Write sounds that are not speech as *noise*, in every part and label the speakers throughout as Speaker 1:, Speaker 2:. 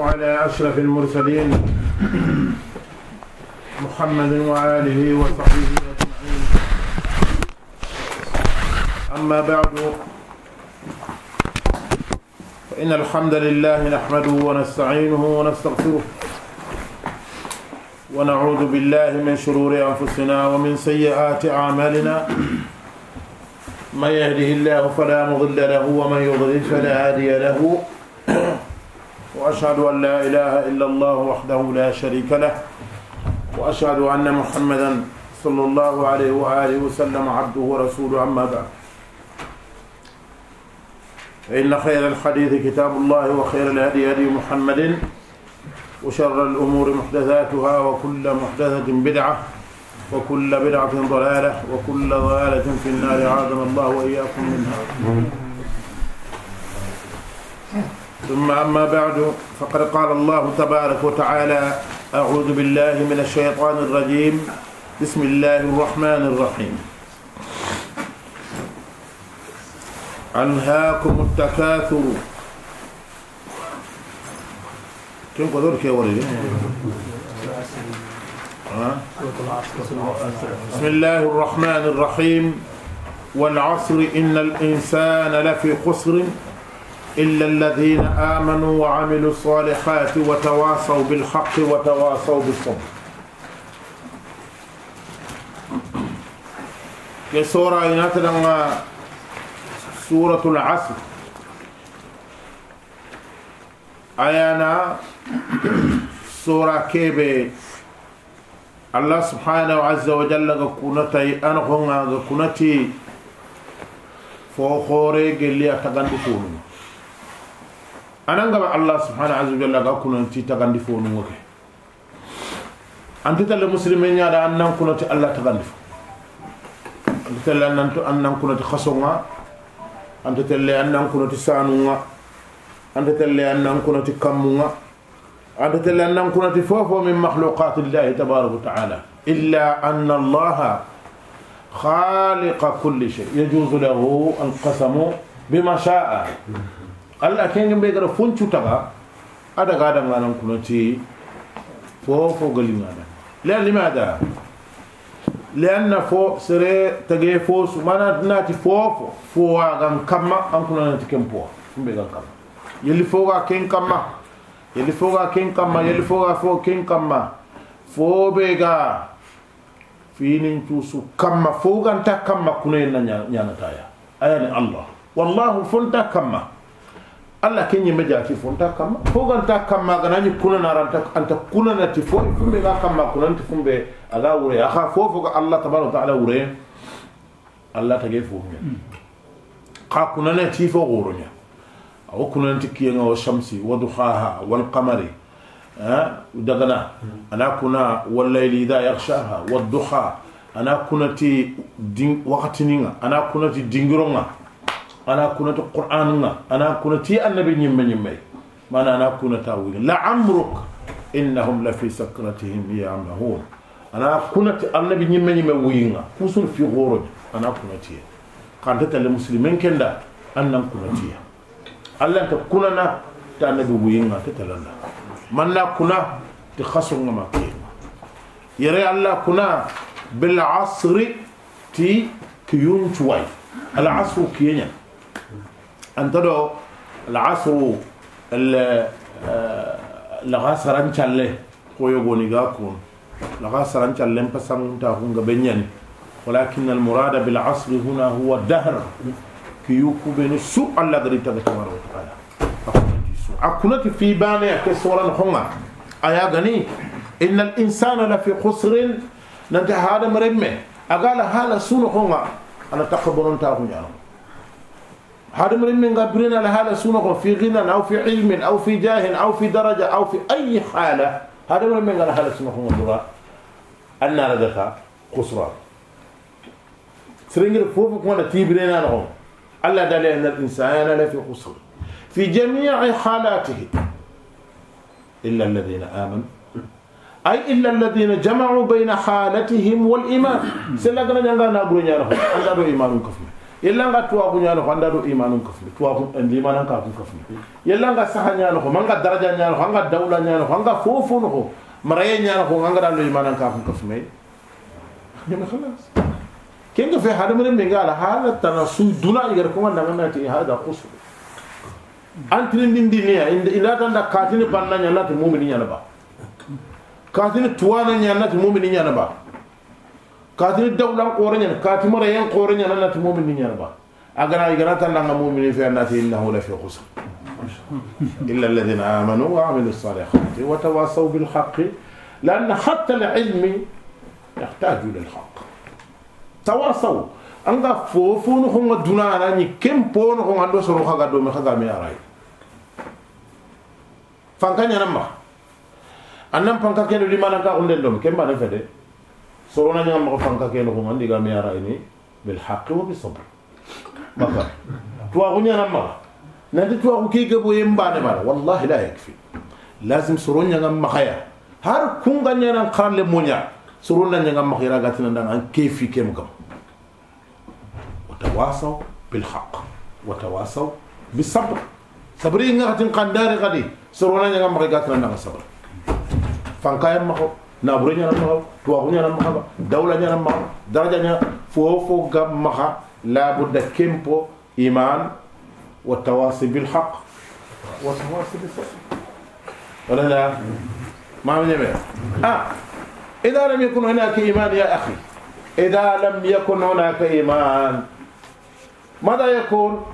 Speaker 1: وعلى أشرف المرسلين محمد وآله وصحبه أجمعين أما بعد فإن الحمد لله نحمده ونستعينه ونستغفره ونعوذ بالله من شرور أنفسنا ومن سيئات أعمالنا من يهده الله فلا مضل له ومن يضلل فلا هادي له وأشهد أن لا إله إلا الله وحده لا شريك له وأشهد أن محمدا صلى الله عليه وآله وسلم عبده ورسوله أما بعد فإن خير الحديث كتاب الله وخير الهدي هدي محمد وشر الأمور محدثاتها وكل محدثة بدعة وكل بدعة ضلالة وكل ضلالة في النار عاذنا الله وإياكم منها ثم أما بعد فقد قال الله تبارك وتعالى أعوذ بالله من الشيطان الرجيم بسم الله الرحمن الرحيم أنهاكم التكاثر كم قدرك يا ولدي بسم الله الرحمن الرحيم والعصر إن الإنسان لفي خسر إلا الذين آمنوا وعملوا الصالحات وتواصوا بالحق وتواصوا بالصبر في سورة ينتلنا سورة العصر آيانا سورة كيبة الله سبحانه عز وجل كونتي أنخونا كونتي فوخوري قليا تغنبتونه ananga ba allah subhanahu wa ta'ala ga kuno ti tagandi fo no ngoke antita le muslime nyaada an nan ti allah tagandi fo antita le nan to an nan kunati khasonga antita le an nan kunati sanunga antita le an nan kunati kamunga antita le an nan kunati fofo min makhluqat allah tabaarak wa ta'ala illa anna allah خالق كل شيء يجوز له القسم بما شاء allah kenge mbe gara foncutaga ada gadangaɗan kuno ti fofo galingaɗa lea limada leanna fo sere tage fosu mana nati fofo fowa gan kamma an kuno nati ken poa umbe gan kamma yeli foga ken kamma yeli foga ken kamma yeli foga fo ken kamma fobe ga finin tusu kamma fo ganta kamma kuno en na nyanataya ayani allah wallahu fonta kamma alla kenya majati fonta kama foganta kama ganani kuna naranta anta kuna nati fo fumbe ga kama kuna nati fumbe aga wure aha fofo ga allah tabaraka taala wure allah tage fo ngen ka kuna na nati fo goronya aw kuna nati nga wa shamsi wa duhaha wal qamari dagana ana kuna wal layli idha yaghshaha wad duha ana kuna ti wakati nga ana kuna ti dingironga ana kunati qur'an nga ana kunati annabi nyimme nyimme mana ana kunata wi la amruk innahum la fi sakratihim ya'mahun ana kunati annabi nyimme nyimme wi nga kusul fi ghurub ana kunati kan ta le muslimen kenda annan kunati allah ta kunana ta annabi wi nga ta talanda man la kuna ti khasun ma ke yare allah kuna bil asri ti kiyun tuwai al asru kiyenya antodo al'asru lagasaran challe koyogoni ga kun lagasaran challe fasanta kun ga benyan ولكن المراد بالعصر هنا هو الدهر كي يكون سوء الله غير تبارك وتعالى أكنت في بانيا كسورا هما أيا غني إن الإنسان لفي خسر ننتهى هذا مرمي أقال هذا سون هما أنا تقبل أنت هنا هذا من من قبرين على سنغ في غنى أو في علم أو في جاه أو في درجة أو في أي حالة هذا من من على هذا سنغ مدرا أن دخا خسران سرينجر فوفك وانا تيبرينا أنا الله دل أن الإنسان لفي خسر في جميع حالاته إلا الذين آمنوا أي إلا الذين جمعوا بين حالتهم والإيمان سلاكنا نغانا برونا نغانا إيمان كفنا yellanga tuwaku ñanoko anda do imanum kafni tuwaku limanan kakun kafni yellanga saha ñanoko manga daraja ñanoko anga dawla ñanoko anga fofo noko maraye ñanoko anga dalo imanan kakun kafmay ñama khalas kenga fe hadamare me ngala hala tana su duna igar ko ngana ngana ti hada qusul antini ndindi ne ina tanda katini banna ñanati mu'mini ñana ba katini tuwana ñanati mu'mini ñana ba كاتني الدولة قورنيا كاتي مريان قورنيا أنا تموم مني أنا با أجرى أجرى تلا نموم مني في الناس إنه لا في خص إلا الذين آمنوا وعملوا الصالحات وتواصوا بالحق لأن حتى العلم يحتاج إلى الحق تواصوا أنت فوفون هم الدنيا أنا كم بون هم عندو سرخة قدو مخدا ميراي فانكني أنا ما أنا فانكني لما نكأ أولي دوم كم بنا فدي سورونا نعم مغفنكا كينو كمان ديغا ميارا مياريني بالحق وبالصبر مكا تواغو نعم مغا نانتي تواغو كي كبو يمباني مالا والله لا يكفي لازم سورونا نعم مخايا هار كونغا نعم قران لمونيا سورونا نعم مخيرا غاتنا نعم كيفي كيم كم وتواصل بالحق وتواصل بالصبر صبرين نغتن قنداري غادي سورونا نعم مخيرا غاتنا نعم صبر فانكا يمخو nabure ñanan maxa tuwaxu ñanan maxaba dawla ñanan maxa daraja ñana fofo ga maxa labudda kempo iman wa tawasi bilhaq wa tawasi bisabr ولا لا ما من يمين آه إذا لم يكن هناك إيمان يا أخي إذا لم يكن هناك إيمان ماذا يكون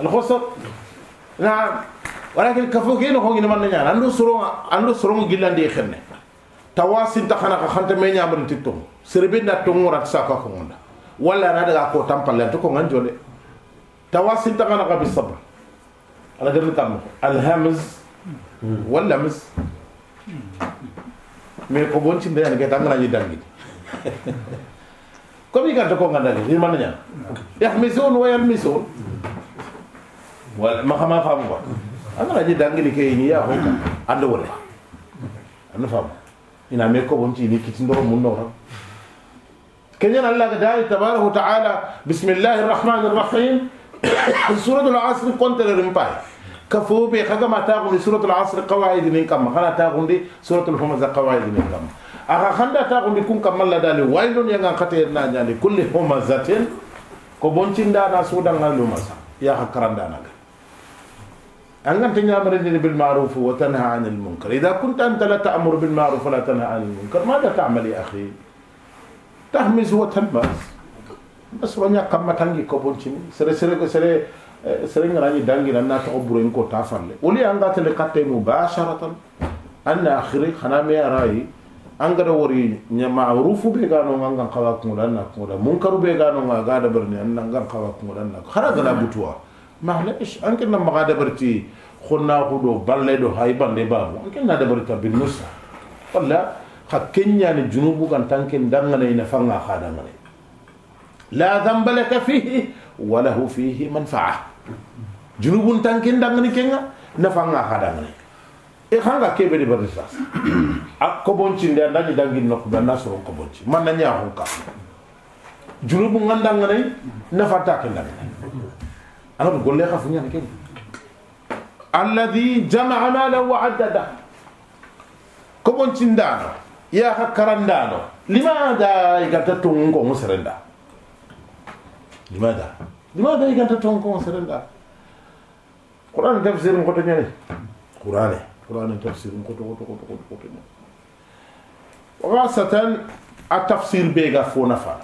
Speaker 1: الخسر نعم walakin kafo ke noxo ngina manna ñana ando soronga ando soronga gillandi xenne tawasin ta xana xa xanta me ñamarinti tong serebe na to rak tongorati ko kongonda wala na daga ko tampal to ko ngan jole tawasin ta xana bi sabr ala tam al hamz alhamis wallamis me ko bon cinde yani keta ngana ñi dangini comme i ganta konganda ni manna ñana yahmisun wa yarmisun wala ma xama famu ba أنا إيه؟ أنا dangili أنا أنا ya أنا أنا wala أنا أنا ina أنا أنا bonti أنا أنا do أنا أنا كنين أنا أنا تبارك أنا أنا الله أنا أنا *coughs* سورة أنا أنا للمباي أنا أنا خاقا ما تاغن سورة العصر قواعد من كم خانا تاغن دي سورة الهمزة قواعد من كم أخا خاندا تاغن دي كم الله دالي ويل يغان خطير نانياني كل همزة كبونتين دانا سودان غالو مسا يا خاكران دانا أن لم تنأمر بالمعروف وتنهى عن المنكر إذا كنت أنت لا تأمر بالمعروف ولا تنهى عن المنكر ماذا تعمل يا أخي تهمز وتلمس بس وانا كم تانجي كبون تشيني سر سر سر سر راني دانجي لنا تقبرين كو تافل ولي أن أنغا تلقاتي مباشرة أن أخري خنامي أراي قد وري معروف بيغانو أنغا قواكم لنا كولا منكر بيغانو أغا دبرني أنغا قواكم لنا خرجنا نعم. بتوه معلش أنك لما غادة برتي خنا خدو بالله دو هاي بالله بابو أنك لنا دبرتا بالنسا ولا خكنيا جنوب كان تنكن دمنا ينفعنا خادم لا ذنب لك فيه وله فيه منفعة جنوب تنكن دمنا كنا نفعنا خادمنا إخانا كبير برتا أكبونشين ده نجي دعين نكبر ناسرو كبونشين ما نجي أهون كا جنوب عندنا نفعتا كنا انا بقول لي اخاف انا كده الذي جمع مالا وعدده كبون تندانو يا كرندانو لماذا يغتتون كون مسرندا لماذا لماذا يغتتون كون مسرندا قران تفسير مكتو ني يعني. قران قران تفسير مكتو كتو كتو كتو كتو وخاصة التفسير بيغا فونا فا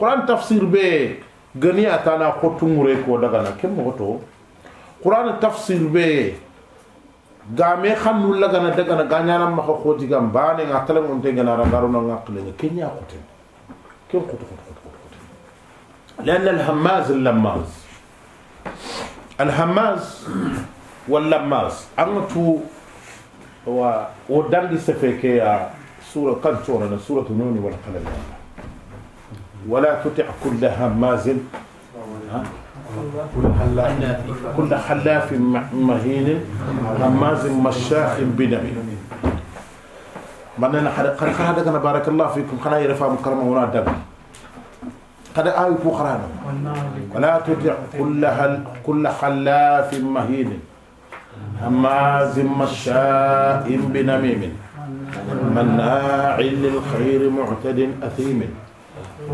Speaker 1: قران تفسير بيغا gani atana khotungure ko daga na kem goto qur'an tafsir be game xannu lagana dagana gañanam maxa xootigam baane nga tala ngon te ganara garuna ngaqle nga kenya xoten ken xotu xotu xotu xotu لأن الهماز اللماز الهماز واللماز أنتو و ودان دي سفيكي سورة كان سورة سورة نوني والقلم ولا تطع كل هماز كل خلاف مهين هماز مشاخ بنبي بنانا خرق هذا كنا بارك الله فيكم خنا يرفع مكرمه ولا دم هذا آية أخرى ولا تطع كل كل حلاف مهين هماز مشاء بنميم مناع للخير معتد أثيم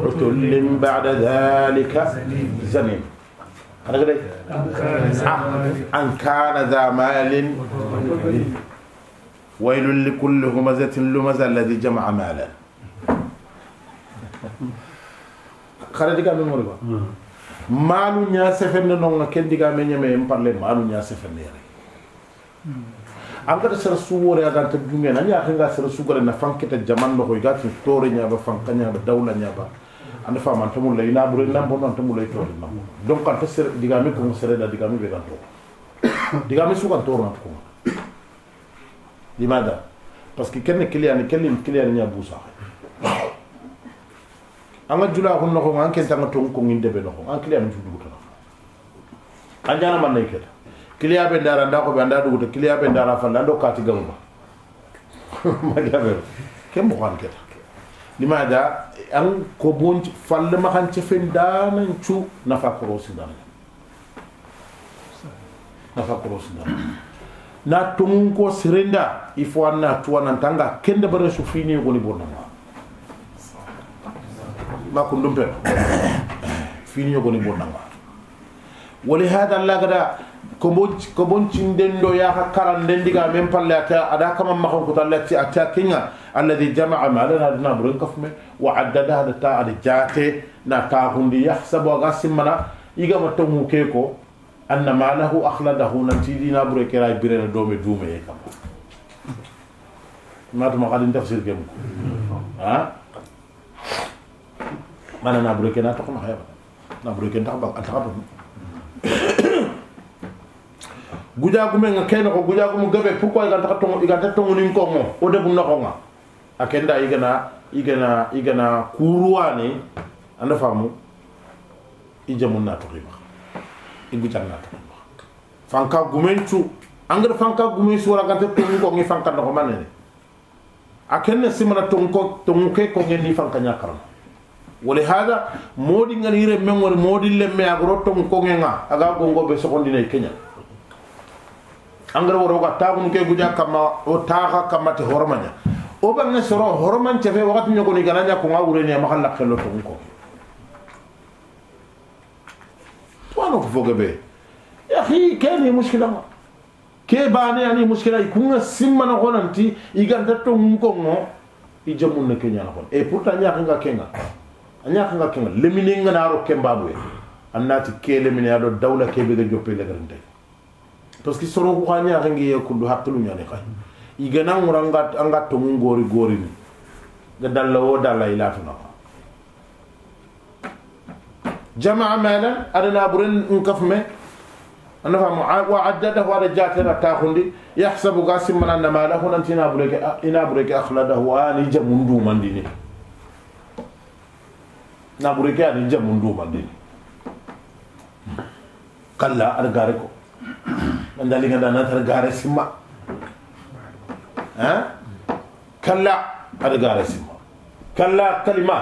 Speaker 1: عتل بعد ذلك زنيم أنا قلت إيه؟ أن كان ذا مال ويل لكل همزة لمزة الذي جمع مالا خرج كان من مريبا مالو نياسفن نونا نونغ كن ديغا مي نيمي مبارلي مالو نيا سفن يري Angkat sara suwore dan junge na ñatenga sara sugare na kita jaman no ga tin tore ñaba fanka ñaba dawla ñaba fa man tamul mu lay na bon anta tamul lay tore nam donc anta sere digami ko sere da digami be ganto digami sugan tore na ko limada parce que kenne kiliyani kelle kiliyani ña busa anga jula ko noxo an ken ta tong ko nginde be noxo an kiliyani ko an jana man nay keta kiliya be ndara nda nda dugu to kiliya be ndara fa ndo kati gamuba *laughs* be ke ni ma limaga an ko bon falle ci fen da cu nafa na fa ko korosi danne na fa ko serenda il faut an na tuwa nan tanga kende bare su fini goni bonama ma ndum pen *coughs* fini goni bonama ولهذا لا koboncinden do yaaka karanden diga men palle ata ada kama maxon kuta allati ata kenga alladi jamaa malan adana buren kafume wa addada ada ta ada jate na taxundi yaxsabu aga simmana igama tongu ke ko anna malahu akhladahu nanti dina bure kera birena dome dumeye kama natuma xadin tafsir ke muk a mana na bure ke na toxuma xayaba na bure ke ndax ba taxa ba guja gume nga kene ko guja gumu gabe pourquoi iga ta tongo iga ta tongo nim ko mo o debu bunna ko nga akenda na iga na kuruani anda famu ijamun na to riba igu na to riba fanka chu angre fanka gumenchu wala ganta tongo ko ngi fanka no manene akenne simana tongo tongo ke ko ngi fanka karam wala hada modi ngani re men modi lemme agro tongo ko nga aga gongo be sokondi ne kenya angara woro ga tagun ke guja kama o taga kama te hormanya o ba ne soro horman chefe wakati nyoko ni gananya ko ngawure ni makalla kello to ko wano ko fogebe ya khi keni mushkila ma ke bane ani mushkila ikunga simma na gonanti iganda to nko ngo ijamun ne kenya na kon e pourtant nya kanga kenga anya kanga kenga lemine ngana ro kembabu annati ke lemine ado dawla ke be ga joppe le garante parce que sono ku khanya khangi ye kundu hakkelu nyane khay igana nguranga anga tongu gori gori ni ga dalla wo dalla ilatu na jamaa mala adana buren nkafme anafa wa addadahu ada jatena takundi yahsabu gasimman anna malahu nanti ina bureke ina bureke akhladahu ani jamundu mandini na bureke ani jamundu mandini kalla ada gare ko من ذلك أنا نظر جارس ما ها كلا هذا جارس ما كلا كلمة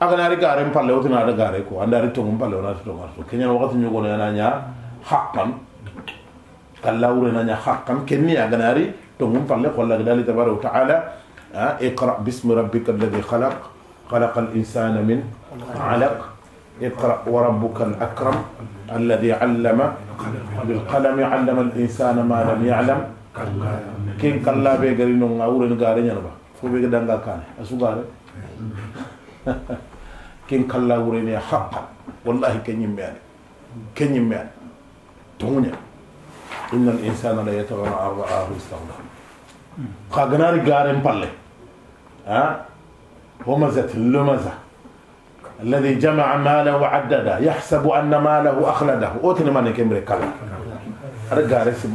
Speaker 1: أكن أريك أريم بالله وتن هذا جارك هو أنا أريك تومن بالله وناس تومن سو كني أنا وقت نيجون أنا نيا حقن كلا ورنا نيا حقن كني أكن أريك تومن بالله خلا جدالي تبارك وتعالى اقرأ باسم ربك الذي خلق خلق الإنسان من علق اقرأ وربك الأكرم الذي علم بالقلم علم الإنسان ما لم يعلم كين كلا بيجري نوع أول نقارن ينبا فو بيجي دنگا كان أسوغار *laughs* كين كلا وريني حق والله كين يمين كين يمين تونيا إن الإنسان لا يتغنى عن رآه استغنى خاغنار غارن بالله ها مزت لمزة الذي جمع ماله وعدده يحسب أن ماله أخلده اوتن مانك إمري كلا رجاري سم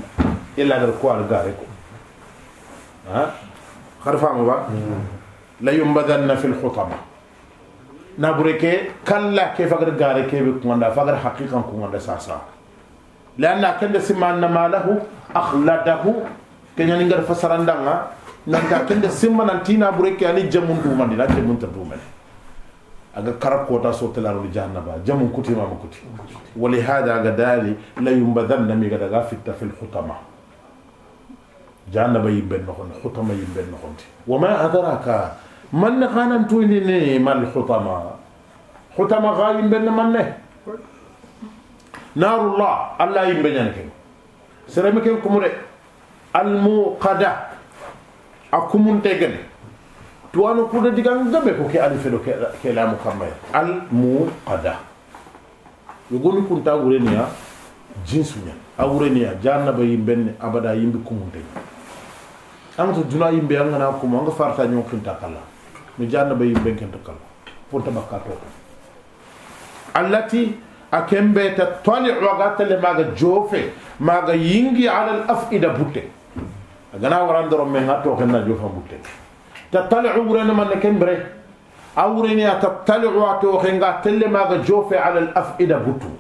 Speaker 1: إلا نركوا رجاري ها خرفا مبا لا ينبذن في الخطب نبرك كلا كيف أقدر بكوندا فغر حقيقا كوندا ساسا لأن أكيد سما أن ماله أخلده كن ينقر يعني فسرندا نحن أكيد سما أن تينا بريك ان يعني جمون دومني لا جمون تدومني أجل كرب كوتا صوت لارو الجنة با جم كتي ما مكتي ولهذا غدالي لا ينبذن نمي قد غافت في الحطمه جهنم يبن نخون حطمه يبن نخون وما ادراك من كان تويني ما الحطمه حطمه غاي بن من نه نار الله الله يبنك سلامكم كمري الموقده اكمون تجني tuwano kuuda digan gabe ko ke ali fedo ke la mukammal al muqada yogoni kunta wureniya jinsu ñan a wureniya jannaba yimbenne abada yimbi kumunte anga to duna yimbe anga na kuma nga farta ñon kinta kala mi jannaba yimbe kenta kala pour bakka to allati akembe kembe ta tali waga le maga jofe maga yingi ala al afida butte agana warandoro men ha to kenna jofa butte تطلع ورنا من كمبره أورني تطلع واتوخنغا تل ما جوف على الأفئدة بوتو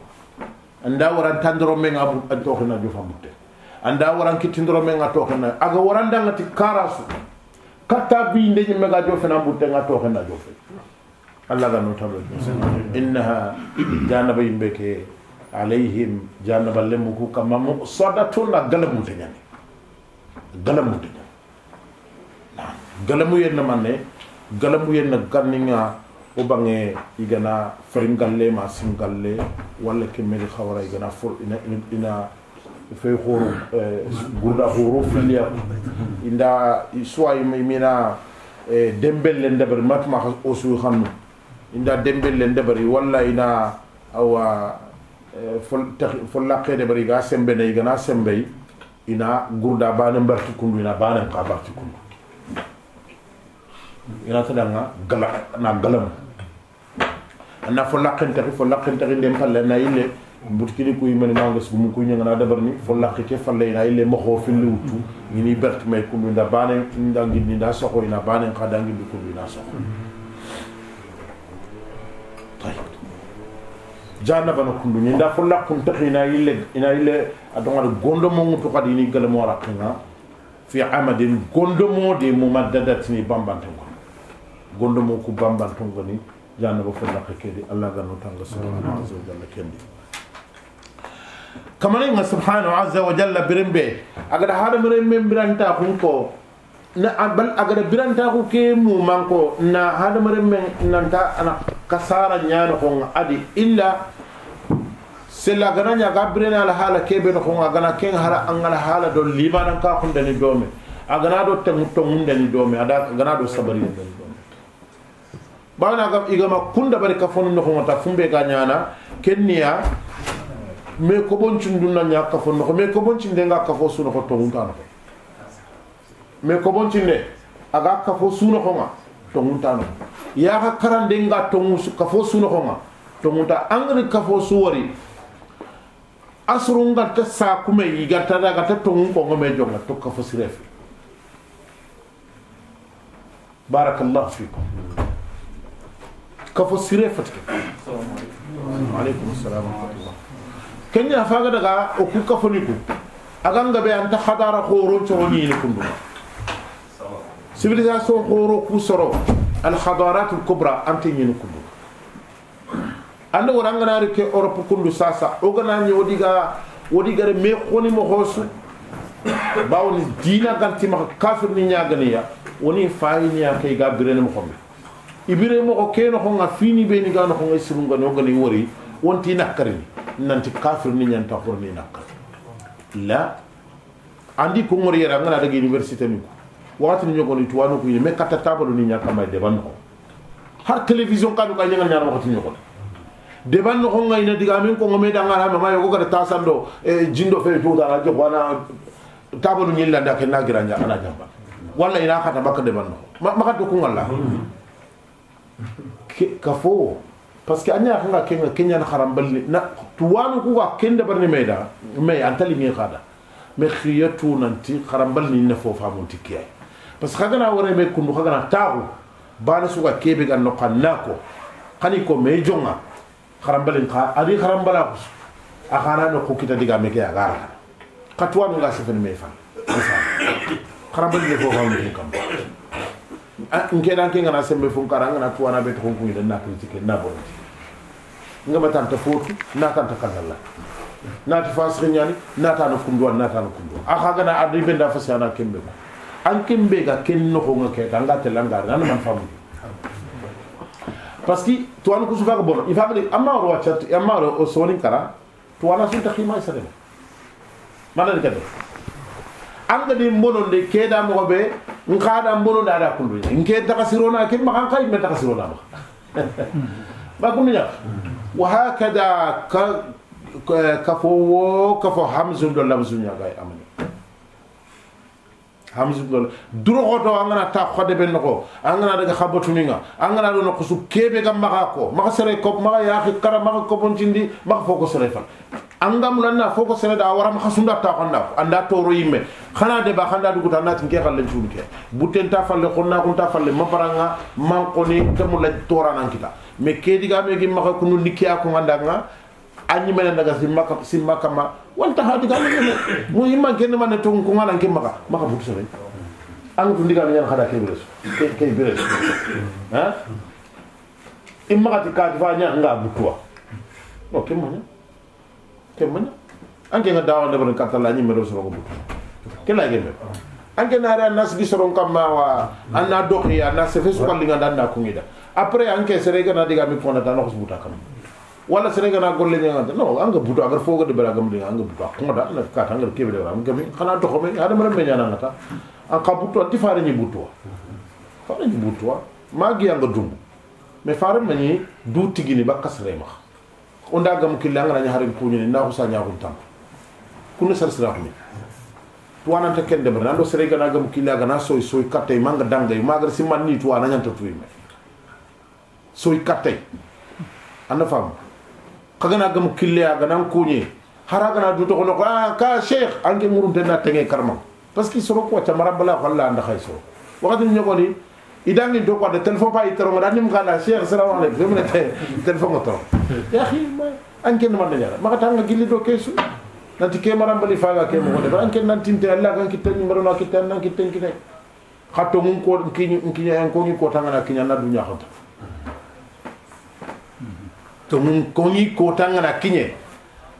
Speaker 1: anda waran tandoro men abu antokna jofa butte anda waran kitindoro men atokna aga waran danga ti karasu katta bi ndeji mega jofa na butte nga tokna jofa Allah ga nota ba innaha janaba yimbe ke alaihim janaba lemu ku kama musadatun na galamu te nyani galamu te galamu galamuyen namanne galamuyen na ganninga o bange igana galle ma galle singalle walla kemmedi hawara igana fur ina, ina fey horo gurda horo filiya inda soit mina dembelle ndebari matma o suy hannu inda dembelle ndebari wala ina awa follaqede bari ga sembene igana sembey ina gurda bane mbarti kundu ina banen ka barti kundu ina ta nga gala na galam na fo laqin ta fo laqin ta dem na ile butkini kuy men nanga su mu kuy ngana dabar ni fo laqi falle na ile mo xofi lutu ni bert me ku nda banen soxo ina banen xada ngi ku ina soxo janna bana kundu ni nda fo laqun ta ile ina ile adonga gondo mo ngutu xadi ni gele mo raqina fi amadin gondo mo de mo gondo mo ko bambal ton goni jannaba fellaka kedi allah ganno tanga subhanahu aza wa jalla kendi kamarenga subhanahu aza wa jalla birembe agada hadamarenbe biranta kun ko na bal agada biranta ku ke muman ko na hadamarenbe nanta ana kasara ñano kon adi illa sella gana ñaga birena ala haala kebe no kon agana ken hara angala haala do limanan ka kundani dome agana do tengu tongundani dome ada agana do sabari dani dome bawanagam igama kunda bari ka fonu nokhoŋota fumbe ga ñana kenniya mai koboncindunna ña kafo nokho mai koboncinde nga kafo sunokho toŋunta nokho mai koboncinde aga kafo sunokhoŋa toŋunta nokho yaha karande nga toŋu kafo sunokhoŋa toŋunta angari kafo suwori asurungalta sakume igatadagata toŋun koŋo mai jonga to kafo sirefe barakallahu fikum كفسير فتك وعليكم السلام ورحمة الله كني أفاق دقاء أكو كفنكو أغان غبي أنت حضار خورو تغني لكم دقاء سيفيليزاسيون خورو كوسرو الحضارات الكبرى أنت ينكم دقاء ande woranganari ke europe kundu sasa oganañi wodiga wodigare me honimo hoosu bawni dina gantima kafir ni ñaganiya woni fayiniya kay ga birenemo homɓe ibire moko keno ko nga fini be ni gano ko ngai surunga no gani wori wonti nakari nanti kafir ni nyanta horni nakari la andi ko ngori yara ngana daga université ni ko wakati ni nyogoni tuwanu ko me kata tabalo ni nyaka mai de banno har television kadu ka nyanga nyara wakati nyogoni de banno ko ngai na diga men ko ngome da ngara ma mayo ko kada tasando e jindo fe to da rajo bana tabalo ni landa ke nagira nyaka na jamba walla ina kata bakade banno makatu ko ngalla kafo parce que anya kanga kenga kenya na haram balle na tuwanu ku ga kenda barne meda me antali ngi kada me khiyatu nanti haram balle na fo fa mun tikya parce que kana wore me kunu kana tagu bana kebe ga no kannako kani ko me jonga haram balle ka ari haram bala ku akana no ku kita diga me ke agara katwanu ga sefen me fa haram balle fo fa mun tikam nke nan ke ngana sembe fun kara ngana tuwa na beti honku ile na kritike na bonti nga batanta fotu na tanta kanalla na ta fasri nyani na ta no kumduwa na ta no kumduwa aka gana adri benda fasi ana kembe ba an kembe ga ken no honga ke ga ngate langa na man famu parce que tuwa no kusufa ga bono ifa ga amma ro wacha amma ro soni kara tuwa na sun takhima isare mana de kade an ga de monon de keda mo be nka da mbono da da kundu nke ta kasirona kin ma kan kai me ta kasirona ba ba kundu ya wa hakada ka kafo wo kafo hamzun do lamzun ya gay amani hamzun do durgoto angana ta khode ben ko angana daga khabatu ninga angana do ko su kebe gam maka ko maka sere ko maka ya khikara maka ko bontindi maka foko sere fal anga munanna foko sene da waram khasunda ta khanda anda toro yimme khana de ba khanda du kutana tin ke khalle ke buten ta falle khonna kun ta falle mabaranga man koni tamu la tora nan kita me ke diga me gi kunu nikiya ko nganda nga anyi mena daga simaka simaka ma wanta ha diga me mu imma ken ko ngala ke maka maka butu sene an tun diga me khada ke bres ke ke bres ha imma ka ti ka diva nya nga butuwa mo ke manya anke nga dawa da kata katala ni mero so ngobu ke la ge anke na ra nas gi soron kam ma wa anna dokhi anna se fes ko li nga danda ko ngida après anke sere ga diga mi fona tan buta kam wala sere ga na golle nga no anga buta agar foga de bela gam de anga buta ko da na kata tangal kebe de am gami khana to ko me adam ram me nyana ngata an ka buto ti fare ni buto fare ni buto ma anga dumbu me fare du tigini bakas onda gam kille angana ñaharin kuni, nda husa ñagun tam kunne sar siraxumi tuwananta ken demer nando sere gana gam kille agana soy soy kattay manga dangay magar simman ni tuwa nañanta tuyime soy anda fam kagana gam kille aganan kuni, hara gana du toxono ko ah, sheikh, ka murudena ange karmang. na tenge karma parce que soro ko wacca marabala xalla anda xay soro idan ni do ko de telefon pa itoro ngada nim kala cheikh salam wax le dem te telefon ko to ya khi ma anken man da yara maka tanga gilli do kesu nanti ke maram bali faga ke mo de anken nan te allah kan kitani maro na kitani nan kitani kite khatto mun ko kini kini en ko ni ko tanga na kinya na dunya khata to mun ko ni ko tanga na kinye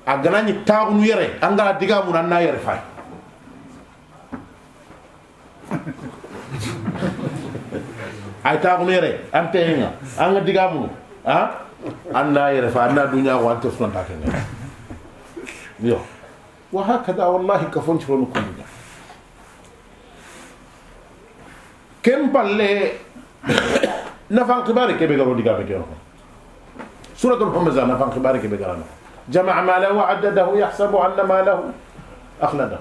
Speaker 1: agana ni tawu yere angala diga mun na yere fay ay am taxumere an peyinga an ga digamunu an anna yere fa anna duñaxo an tesunanta ne yo wa hakada wallahi ka fonti kafon cironu kunduña ken palle nafan xibari keɓe garo digame kenoxo suratul humza na humaza nafan ke be garanoxo jamaa mala wa addadahu yaxsabu anna lahu akhlada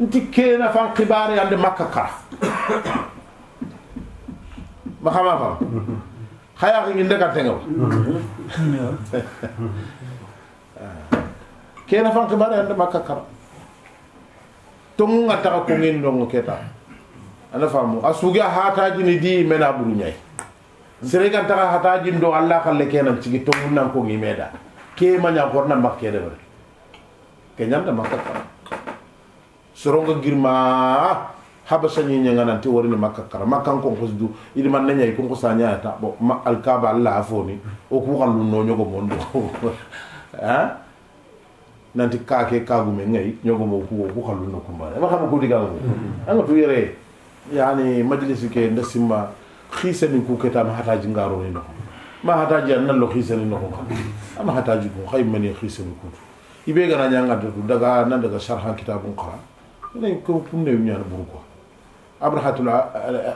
Speaker 1: nti ke nafan xibari ande makka kara ma xama fa xaya ko ngin daga tengo kena fank ke bare anda tunggu kara tongu ngata ko ngin ada keta ala famu asuga hata jini di mena buru nyai kan ta hata jin do allah kalle kena cigi tongu nan ko meda ke nya gorna makke de bare kenyam da makka soronga girma habasa ni nyanga nan ti wari makka kara makkan kon kosdu idi man nanya kon kosa nya ta bo ma alkaba alla afoni o ku kan mondo *laughs* ha nanti kake ka ke ka gume ngai nyogo mo ku ku kan lunno kumba ma kam ku diga mm-hmm. mo an yere yani majlisi ke ndasimba khisa min ku ma hata jingaro ni no ma hata ji nan lo khisa ni no ko ama hata ji ko khayman ni khisa ni ku ibe gana nyanga daga nan daga sharha kitabun qara ne ko pum ne nyana buru ko abrahatul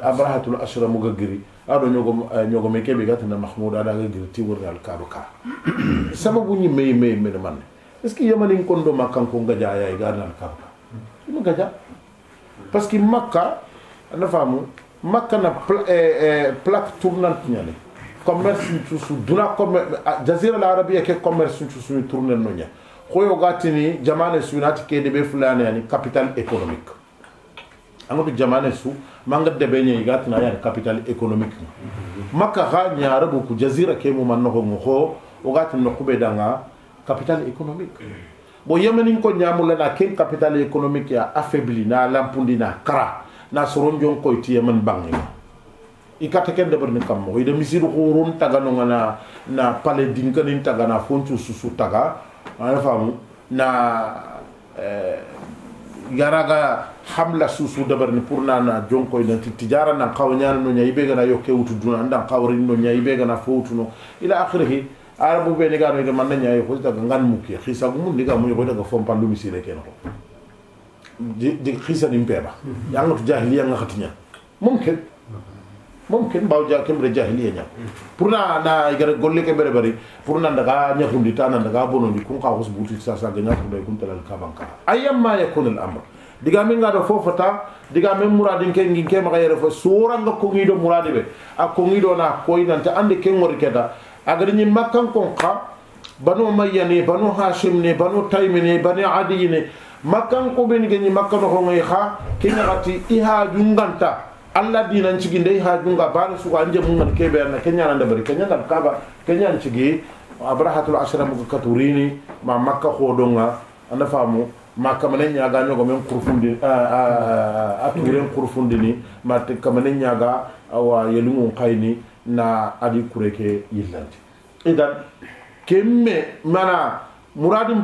Speaker 1: abrahatul ashra mugagiri ado nyogo nyogo meke be gatna mahmud ada gagiri ti wurre al kadu ka sababu ni mey mey me man est ce que yamani kondo makkan ko gaja ya garna al kadu mu gaja parce que makka na famu makka na plaque tournante nyane commerce tu su duna comme jazira al arabia ke commerce tu su tourner no nya ko gatini jamane sunati ke de be fulani yani capital économique angoti jamane su manga debe nye igatina ya capital economic maka ha nyarabu ku jazira ke mu manno ko ho ogati no kube danga capital economic bo yemenin ko nyamula na ken capital economic ya affaibli na lampundi na kara na soron jon ko ti yemen bangi i kata ken debar ni kammo ida misiru hurun taga no ngana na pale dinkanin taga na fontu susu taga ana famu na eh, yaraga hamla susu dabarni pour nana jonkoy nan ti tijara na kaw ñaan no ñayi be gana yoke wutu duna andan rin no ñayi be gana fo wutu no ila akhirhi arabu be diga no man ñayi ko daga ngan mukke khisa gum diga mu ko daga fom pallu misine ken ko di khisa dim peba mm-hmm. yanga to jahiliya nga khatinya mumkin mungkin bawja reja jahiliya nya purna na igare golle ke bere bari purna ndaga nya hundi tana daga bono ni kun ka husbuti sa sa ga nya kun kun talal kabanka ayyamma yakun al amr diga min ngado fofata diga muradin ke ngin ke ma yere fo sura nga ko ngido muradi be a ko ngido na ko inanta ande ke ngor keda agar ni makkan kon ka banu mayyani banu hashim ne banu taymi ne banu adi ne makkan ko ben ge ni makkan ho kati kha iha junganta alla dinan cigi ndey ha junga bana suga anje mun ngan kebe na kenya nan da bari kenya nan kaba kenya nan cigi abrahatul ashra mu katurini ma makka anda famu nyaga nyogo men kurfundi a kurfundi ni ma kamane nyaga awa yelungun kayni na adi kureke yillandi idan kemme mana muradin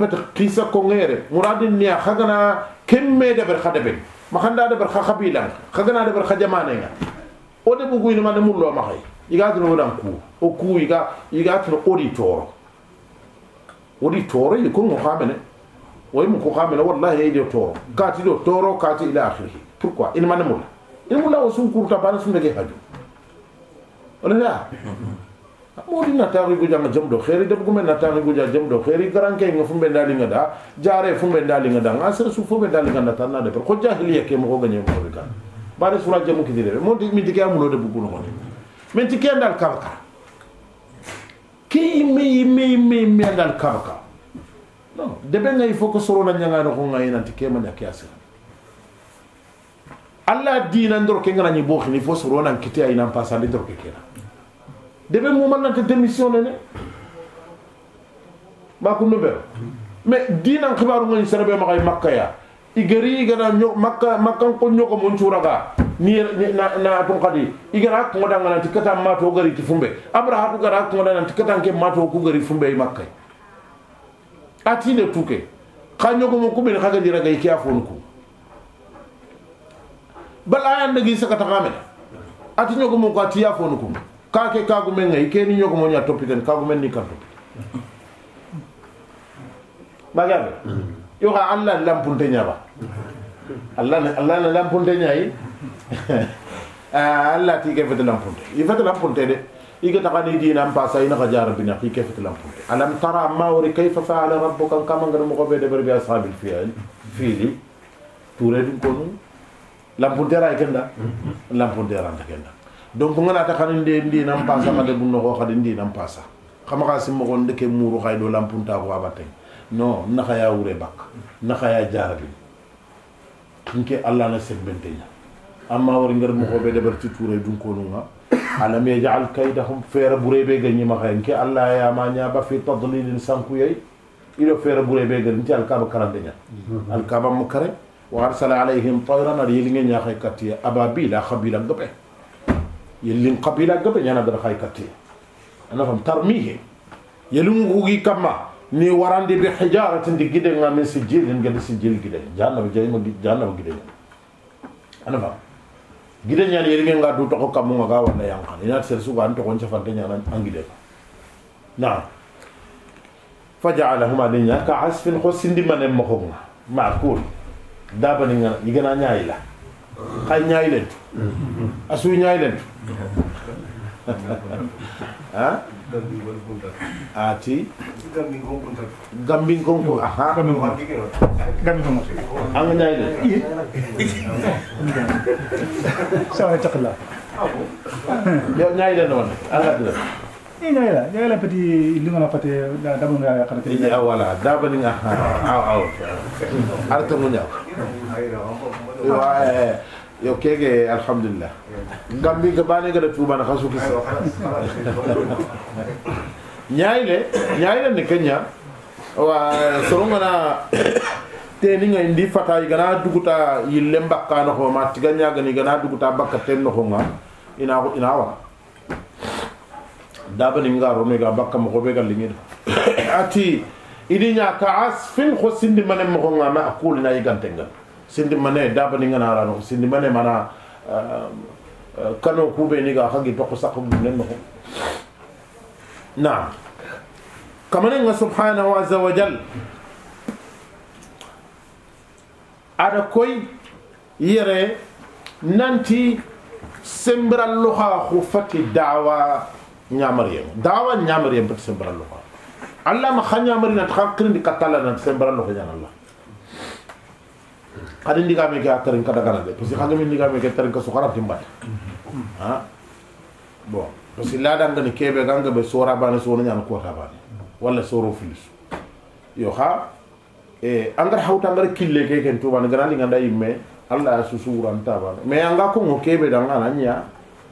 Speaker 1: kongere muradin niya khagana kemme da ber khadabe maxanda deɓar xa xabilang xagana deɓar xa jamanenga o deɓu guyinuma ne murlo maxay iga tino wonan ku o ku iga iga tino odi tooro odi tooro ye kurmo xamene woyi mu ku xamene wallahi yeyde tooro kati do tooro kati ila axirihi pourquoi inima ne murla in murla o sun kurta bana sundege haju onata modi natari guja nga jom do kheri de gumen natari guja jom do kheri garanke nga fumbe ndali nga da jare fumbe dali nga da nga sere su fumbe ndali nga na de ko jahiliya ke mo ganye mo be kan bare sura jamu ki dire mo di mi di ka de bu ko ngone men ti kendal kabaka ki me me me me dal kabaka no de ben ngay foko solo na nyanga no ko ngay nan ti kema nya kiasi alla dor ke ngana ni bo khini fo soro nan kiti ay nan pasande dor ke kena debe mu man nanta démissionner makundu ɓe mais dinan kibaru ngani sene ɓe maxay makka ya i gari i gana makka makkan ko ñoko mon curaga ni na tun kadi i gara kungoɗanga nanti katan mato gari ti fumbe abrahatu gara kungoɗa nanti katan ke mato ku gari fumbe i makka atine tuke xa ñoko mon kuɓeni xa gadiraga i ke a fon ku bal ayan dagi sakata xa mene ati ñoko mon ko atiya fon kume ka ke kagumen ngai keni ñogomoña toppiten kagumen ni kan toppite magaɓe yoxa allah lampunte ñaba allah na lampunte ñayi allah ti ke fete lampunte i fete lampunte de i ge taxani dinan pasa i naxa jarabina i ke fete lampunte alam tara ma wori kayfa faala rabbuka kamangana moxoɓe deɓere be ashabil fiil fiili ture dum konu lampuntera kenda lampunteranta kenda donc nganata xani nde ndinan pasa xade bu noxo xade ndinan pasa xama xa simmoxon ndeke muuru xay do lampuntaxu a bateng non naxaya wure bak naxaya jarabin nke allah na sembenteña amma war ngar moxoɓe deɓarti ture dunkonunga alam yajal kaydahum feera ɓureɓe gañima xaye nke allah yama ñaba fi tadlilin sankuyey iɗo feera ɓureɓe gani nti alkaba karandeña alkaba mo kare wa arsala alayhim tayran aɗa yelinge ñaxay kattiya ababila khabila ngope yellin kabila gabe ñana dara xay katte ana fam tarmihi yelum gugi kama ni warandi bi hijaratin di gide nga min sijil en gade sijil gide janna be jeyma janna be gide ana fam gide ñan yeri nga du to ko kam nga ga wala yankan ina sel su gan to ko ci fante ñana angide na fajalahuma dinya ka asfin khosindi manem makhuma ma kul dabani nga yigana ñaayila xay ñaay leen asuy ñaay leen *laughs* ah aati ah, gambin konko aha gambin ah, konko anga ñaay leen sawa taqla yow ñaay leen woon anga ni nyayla nyayla pati ilunga na pati da da munga kana tiri ya wala da ba ni ha aw aw arta munya yo eh yo kege alhamdulillah gambi ga bani ga tuba na khasu kis nyayle nyayle kenya wa soronga na te ni ngai ndi fata yi gana duguta yille mbakka no ho ten no nga ina ina dabaninga romega bakka mogo ɓe ga liŋida ati idi ña ka a fin ho sindimane mogo nga ma a kuulina yigantengan sindimane dabaninga narano sindimane mana kano kuɓe niga xa gi toko saq gumne mogo naam kamanenga subhanahu aza wa jal aɗa koy yere nanti sembiralluxa xu fati dawa ñamariyen dawa ñamariyen bet lu ko allah ma na tax nati xa katala na sembra lu ko ñan Allah. xadi ndiga me a tarin ka dagana de parce que ndiga me ke tarin ka ci mbat a bo parce que ladangani kebe ganga be sora bane sona ko ta wala suru filis yo xa e eh, andar hauta ngar kille ke ken tubane gana li nganda yimme alla susu wuranta bane mais anga kongo kebe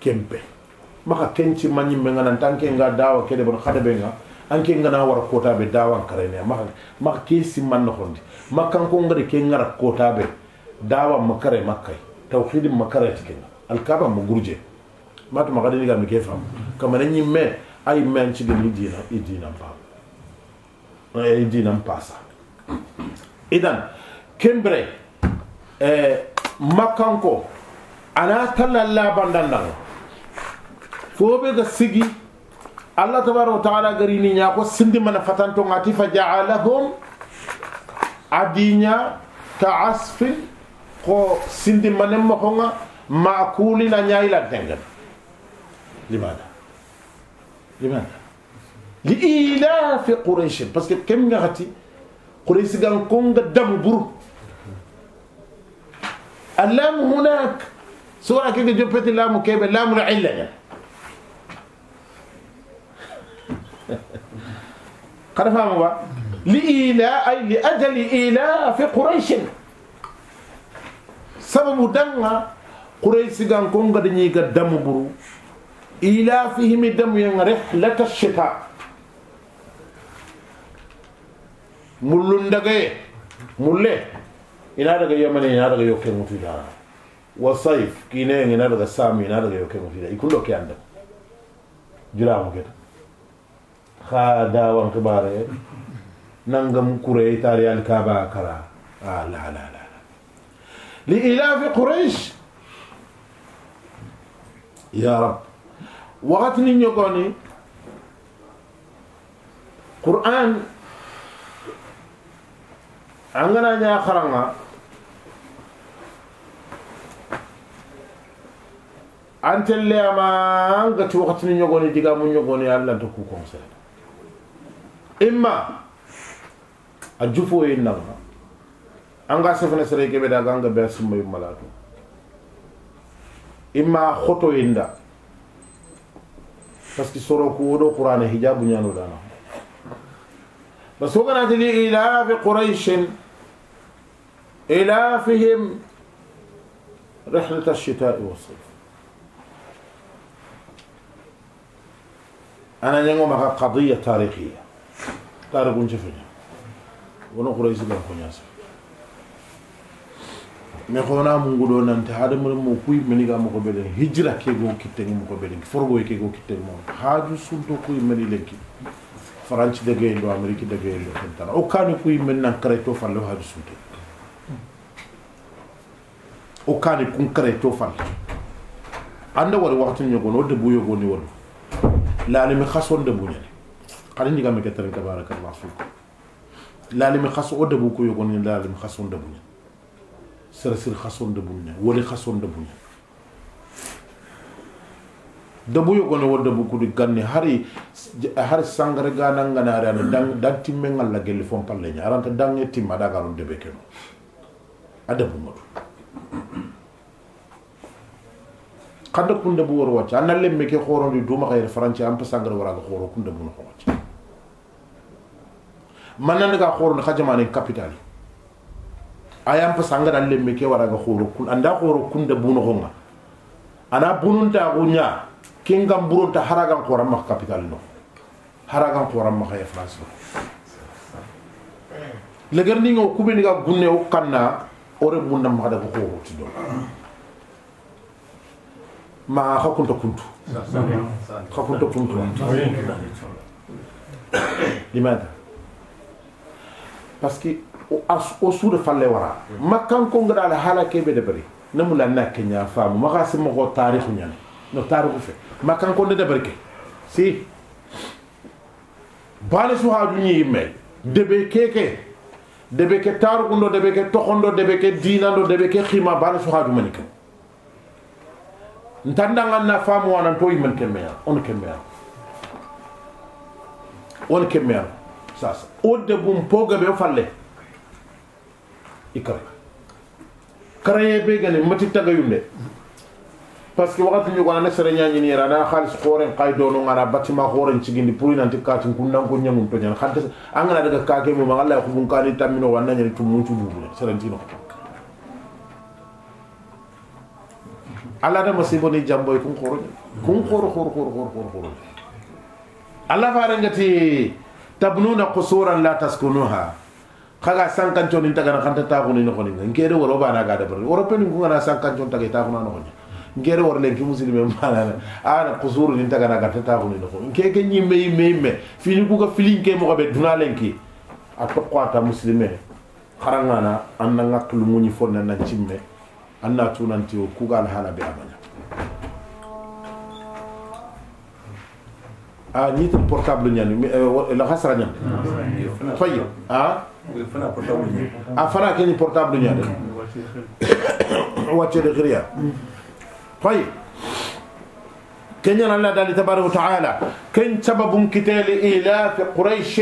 Speaker 1: kempe maka kenci mañimme nga nan tanke nga dawa kede bon hade ɓe nga an war kota wara dawa dawan karene maka maka ke no hondi ma ko ngari ke ngara kotaɓe dawan ma kare makkay tawhidin ma karati kenga alkaba mo gurje matuma kadi nigami ke fam kamana ñimme a yimme an cigel i dina i dinan pa i pa pasa idan kembre eh, ma kanko ana talla la foɓe ga sigi allah tabaraka wa taala garini ña ko sindi mana fatantonga ti fa jaalahum adiña ka asfin ko sindi manen moxonga makulina ñayilantengen limada limada li ilafi qurayshin parce que kem ñaxati quraysi gan konga damu buru allamu hunak sora keke joppeti lamu keɓe lamul illañan kada faama ba li ila ay li ajali ila fi qurayshin sababu danga quraysi gan kon gada ñi ga damu buru ila fihimi damu yang rihlata shita mullun daga mulle ina daga yamani ina daga yokke mutida wa sayf kine ina daga sami ina daga yokke mutida ikundo ke anda jiramu keta kha dawan kibare nangam kure tari al kaba kara ah la la la li ilafi quraish ya rab wakati ni ñogoni qur'an angana nya kharanga antelle ama ngati wakati ni ñogoni diga mu ñogoni alla to ku conseil اما اجفو اي نغا انغا سفنا سري كبي دا غانغا بيرس مي ملاتو اما خوتو ايندا باسكو سورو كو ودو قران حجاب نيانو دانا بس هو كانت لي الى في قريش الى فيهم رحله الشتاء والصيف انا نيغو ما قضيه تاريخيه tara kunche fanya wono kura la ko nyaasa me xona mu ngudo nante hada mo mo kuy meni ga mako beden hijra ke go kitte ngi mako beden forgo ke go kitte mo haaju sunto kuy meni lekki france de gay do amerique de gay do o kuy men nan fal lo haaju sunto o kanu kun fal anda war waxtu ñogo no de bu yogo ni won mi xason de bu ñani xarin diga me ketaren tabarakallah la limi xaso o debu ko yogoni lalimi xason sir seresir xason debuña woli xason debuña debu yogoni wo debu di ganni hari hari sangare gananganaari ana dan dan timme ngalla gelli fon palleña aranta dange timma ada ganon debe keno a debu ngodu xanda kun debu wor wacca anna lemme ke di duma xayre am pa sangare waraga xoro kun debu no xowacca man ga daga horon ha ni capital ayam pa sanga dan lemme ke wara ga horo kun anda horo kun de bunu honga ana bunun ta gunya kingam burun ta haragan koran ma capital no haragan koran ma ya france no legar ni ngo ni ga gunne o kanna o re bunna ma daga horo ti do ma ta kuntu ta kuntu limadha parce que o suudu falle wara makkanko ngada ala haala keɓe debari namula anna keña faamu maxa simoxo tarihu ñani no tarihu fe makkanko nde debari ke si baane su haaju ñiyimmey debe keke debe ke tarukundo debe ke toxondo debe ke dinando debe ke xima baane su haaju mani ken ntandanga na faamu wanan to yimmen ke meya on ke meya on ke meya sasa debum poga be falle ikara karaye be gane mati tagayunde parce que wakati ñu gona sere ñani ni rada khalis khoren kay do no batima nanti ni kun khoro kun khoro khoro khoro tabnuna qusuran la taskunuha kaga sankanco nin tagana xanta taxuni khoni ngere woro bana ga woro pen sankan dabar worope nin no khoni ngere woro len nkere musulim lenki musilime na ana qusuru nin tagana ta taxuni noxo khoni ke ke ñimme yimme yimme fini kuga filinke moxoɓe duna len ki a to toqoata musilime xarangana an na ngatul ŋakkilumuñi fo na nan cimme an na tunanti tunantiyo kuga hala be amana Ah, euh, a ñi ah? ah, tan portable ñani la hasra ñan fay a a fana ke ñi portable ñade wacce de khriya fay كنير الله دالي تبارك وتعالى كن سبب قتال إلاف قريش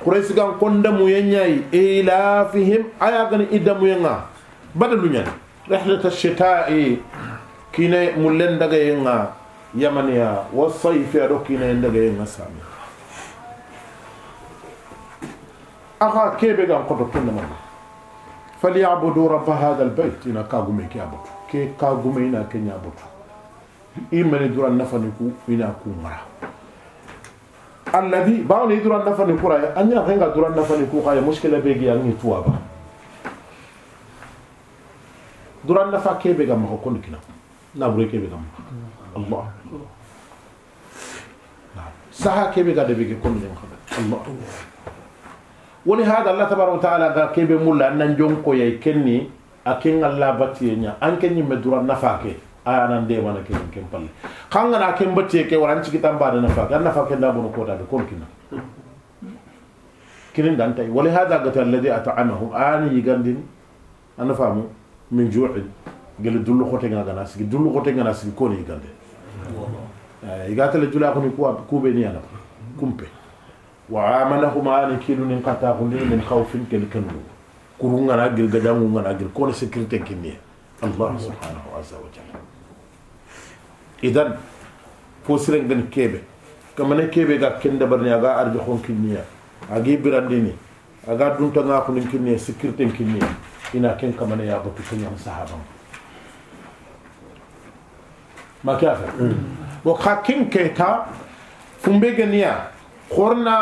Speaker 1: قريش كان قندم ينياي إلافهم أياغن إدم ينغا بدل ينياي رحلة الشتاء كينا ملن دغي ينغا يمنيا والصيف يدكين عندك ينغ سامي أغا كي بيغان قطو كن مرة فليعبدوا رب هذا البيت إنا كاغومي كي عبدو كي كاغومي إنا كي نعبدو إيماني دور النفنكو إنا كومرا الذي باوني دور النفنكو رأي أن يغنغ دور النفنكو قاية مشكلة بيغي أني توابا دور النفا كي بيغان مخو كن كنا نابري كي الله ساعة كيف قد بيجي كل من خبر الله ولهذا الله تبارك وتعالى قال كيف مولا أن نجونكو يكني أكين الله باتينيا أنكني مدورا نفاكي aya nan de wana ke ken palle kanga na ken batte ke waran ciki tan ba da nafa kan nafa ken da bunu ko da ko kina kirin dan tai wala hada gata alladhi at'amahum ani yigandin an famu min ju'in gele dullu khote ngana sigi dullu khote ngana sigi ko ne yigande igatele jula kuni kuwa kube ni ala kumpe wa amalahuma an kilu nin qata hundi min khawfin kel kanu kurunga na gil gajangu ngana gil kono security kinni Allah subhanahu wa ta'ala idan fo siren gan kebe kamane kebe ga kenda barni aga arjo hon kinniya agi birandini aga dunta nga kunin kinniya security kinniya ina ken kamane ya batu kunya sahaba مكافر وخاكين كيتا فمبيغنيا خورنا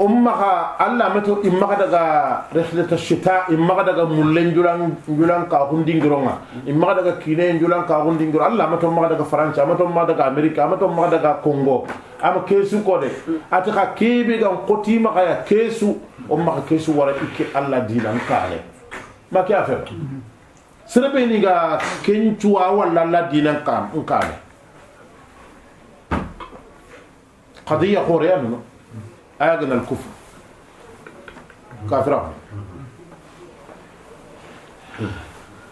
Speaker 1: أمها الله متو إمها دغا رحلة الشتاء إمها دغا مولين جولان جولان كاهون دينغرونا إمها دغا كينين جولان كاهون دينغرو الله متو إمها دغا فرنسا متو إمها دغا أمريكا متو إمها دغا كونغو أما كيسو كودي أتخا كيبي غان قوتي مغايا كيسو أمها كيسو ورا إكي الله دينان كالي ما كافر serebe ni ga ken cuwa walla la dinan kam nkane qadiya khoreya nuno agna gana al kufr kafira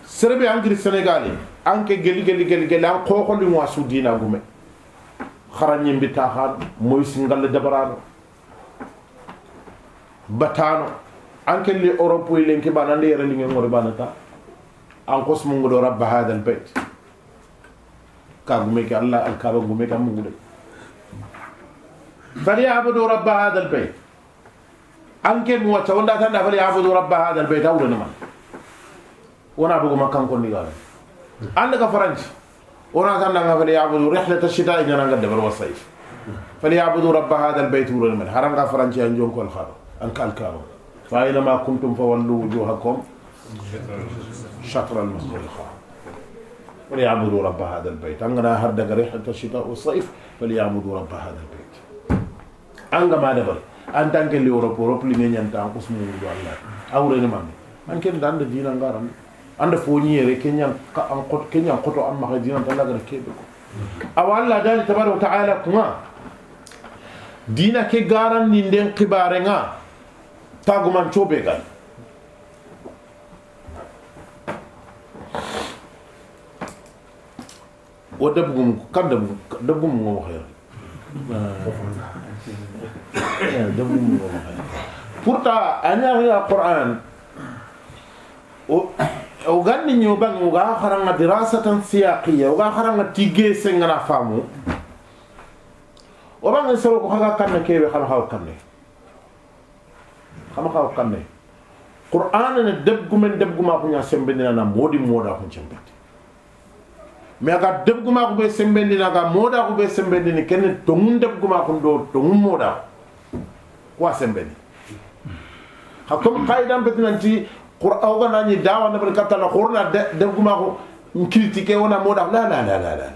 Speaker 1: serebe an giri senegali an ke geli geli geli geli an kokoli wa su dina gume kharanyim bitahan moy singal dabarano batano anke ke li europe lenke banande yere linge ngori banata انقص من قدر رب هذا البيت كاغوميك الله الكاغوميك مغود فليعبدوا رب هذا البيت انكم وتوندا تندا فليعبدوا رب هذا البيت اول نما وانا بقول ما كان كوني قال عندك فرنسي وانا كان نغا فليعبدوا رحله الشتاء ان انا قد بر والصيف فليعبدوا رب البيت اول نما هرنغا فرنسي ان جون كون خارو ان كان شطر المسجد الحرام وليعبدوا رب هذا البيت أنغنا هر دقري حتى الشتاء والصيف فليعبدوا رب هذا البيت أنغا ما دبر أنت أنك اللي أوروب أوروب اللي من ينتهى قسمه الله أوريني مامي أنك أنت عند دين أنغارم anda foñiyere keñan an qoto keñan qoto an maxa dinanta lagana keɓe ko أو الله جل تبارك وتعالى كما kunga dina ke garandi nden xibarenga tagumancoɓe gani wo debgum kan debgum debgum mo wax yow debgum mo wax pourtant anya ya qur'an o o ganni nyu bang nga ga kharanga dirasatan siyaqiyya o nga kharanga tige sengana famu o bang so ko khaga kan ke be khama khaw kan ne kan ne qur'ana ne debgumen debgumakuña sembendinana moodi moodaku cembende mais aga debgumaku ɓe sembendini aga moodaku ɓe sembendini kene toŋum debgumakun ɗo toŋum moodaku kuwa sembeni ha comme kayidan petinanti oganañi dawa naɓen kattala horna debgumaku critiqué wona moodaku la la la la la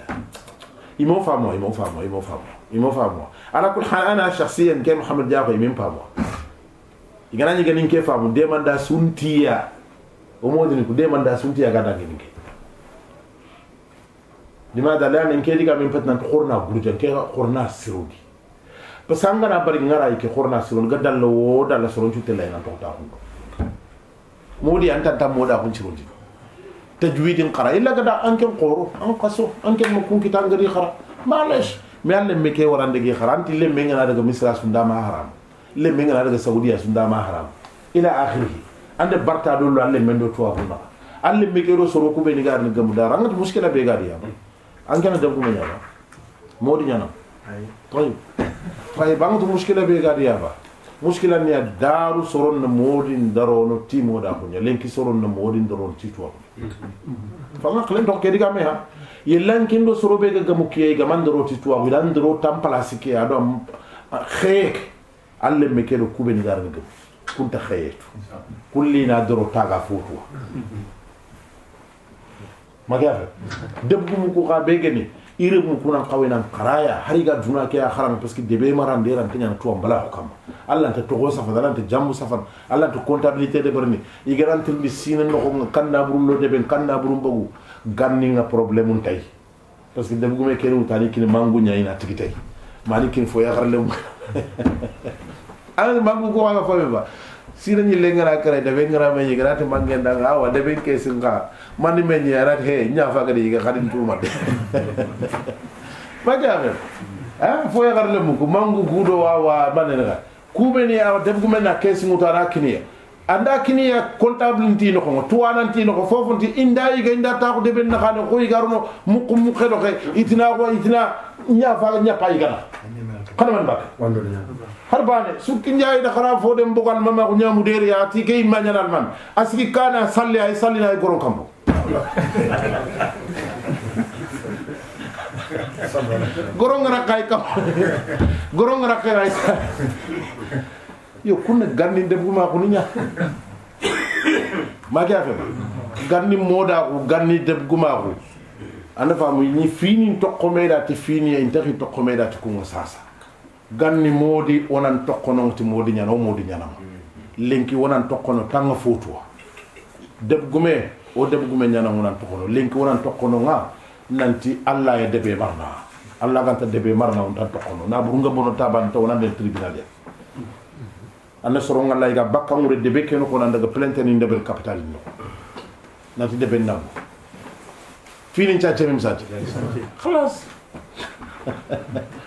Speaker 1: imo fa moi imo fa moi imo fa moi imo fa moi ala kul hal ana shakhsiyan ke mohamed diako imin pa moi igana ñiga nin ke faamu demanda suntiya o modini suntia demanda suntiya ga dangini ke limada layanin ke diga min pat nanti xurna ke khurna sirudi parce na angana bari ngara ke khorna sirudi ga dalla wo dalla soron cutte lay nan toxta xun modi antanta moda xun sirudi tajwidin xara illa gada anken xoro an qaso anken ma kunkita ngari xara malash mais an lemme ke anti le ngana daga misra ma haram lemme ngana daga saudiya sun dama ila akhirih ande barta do lo alle men do tuwa kunna alle me kero soro ku be ni gar ni gamu da rangat muskila be gar ya an kana dam ku me ya modi nyana toy toy bang to muskila be gar ya ba muskila ni daru soron na modin daro no ti moda ko nya lenki soron na modin daro ti tuwa fa ma klen do diga me ha yelan kindo soro be ga gamu ke ti tuwa wilan daro tam palasi ke ado khek alle me keɗo kuɓeni garga gem kunta hayetu kullina doro taga fotuwa mage afe debbu mu kuxa be geni ire mu kunan xawenan xaraya hariga duna ke a xarana parce que debe maran deran ke ñana tuwan bala xo kamma allante toxo safan allante jammu safan allante comptabilité de berni igarantirndi sine noxonga kannaburullo deɓen kannaburu mbogu ganninga probléme um tay parce que debgume kene wutani kine mangu manguñayina tigi tay mani kine fo yaxarle mu *laughs* al mangu ko nga fa ba sina ni le ngara kare da ben ngara men yigara te mangen da nga wa da ben ke singa man men yi arat he nya fa ga de yiga khadin tuma de ma jabe ha fo ya gar le mu ko mangu gudo wa wa banen ga ku men ya def ku men na ke singu ta rakini anda kini ya comptable nti no ko to anan ti no ko fofu nti inda yiga inda ta ko de ben na khane ko yiga no mu ko mu khedo ke itina ko itina nya fa nya pa yiga na kana man bak har bane sukki njaay da khara fo dem bogal mama ko nyaamu dere ya ti kay ma nyanal man asiki kana salli ay salli na goro kambo goro ngara kay kam goro ngara kay ay yo kunna ganni dem ma ko nya ma ga fe ganni moda ko ganni dem guma ko anda famu ni fini tokko meda te fini en taxi tokko meeda te ko sasa ganni moodi wonan tokkonon ti moodi ñana o moodi ñanama lenki wonan tokkono tanga fotuwa deb gume o deb gume ñanam wonan tokkono lenki wonan tokkono nga nanti alla ye debe marna alla ganta debe marna on tan tokkono na burunga bono taban to wonan del tribunal ya anna soro nga lay ga bakka ngure debe keno ko nan daga plainte ni ndebel capital ni nanti debe nango fini cha chemim sa khalas *laughs*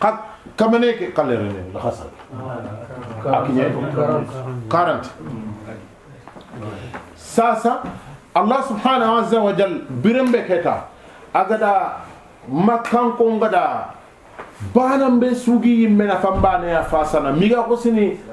Speaker 1: قد كم نيك قال لي الخسر اكني 40 ساسا الله سبحانه عز وجل برمبه كتا اغدا مكان كون غدا بانم بسوغي من فمبانه فاسنا ميغا حسني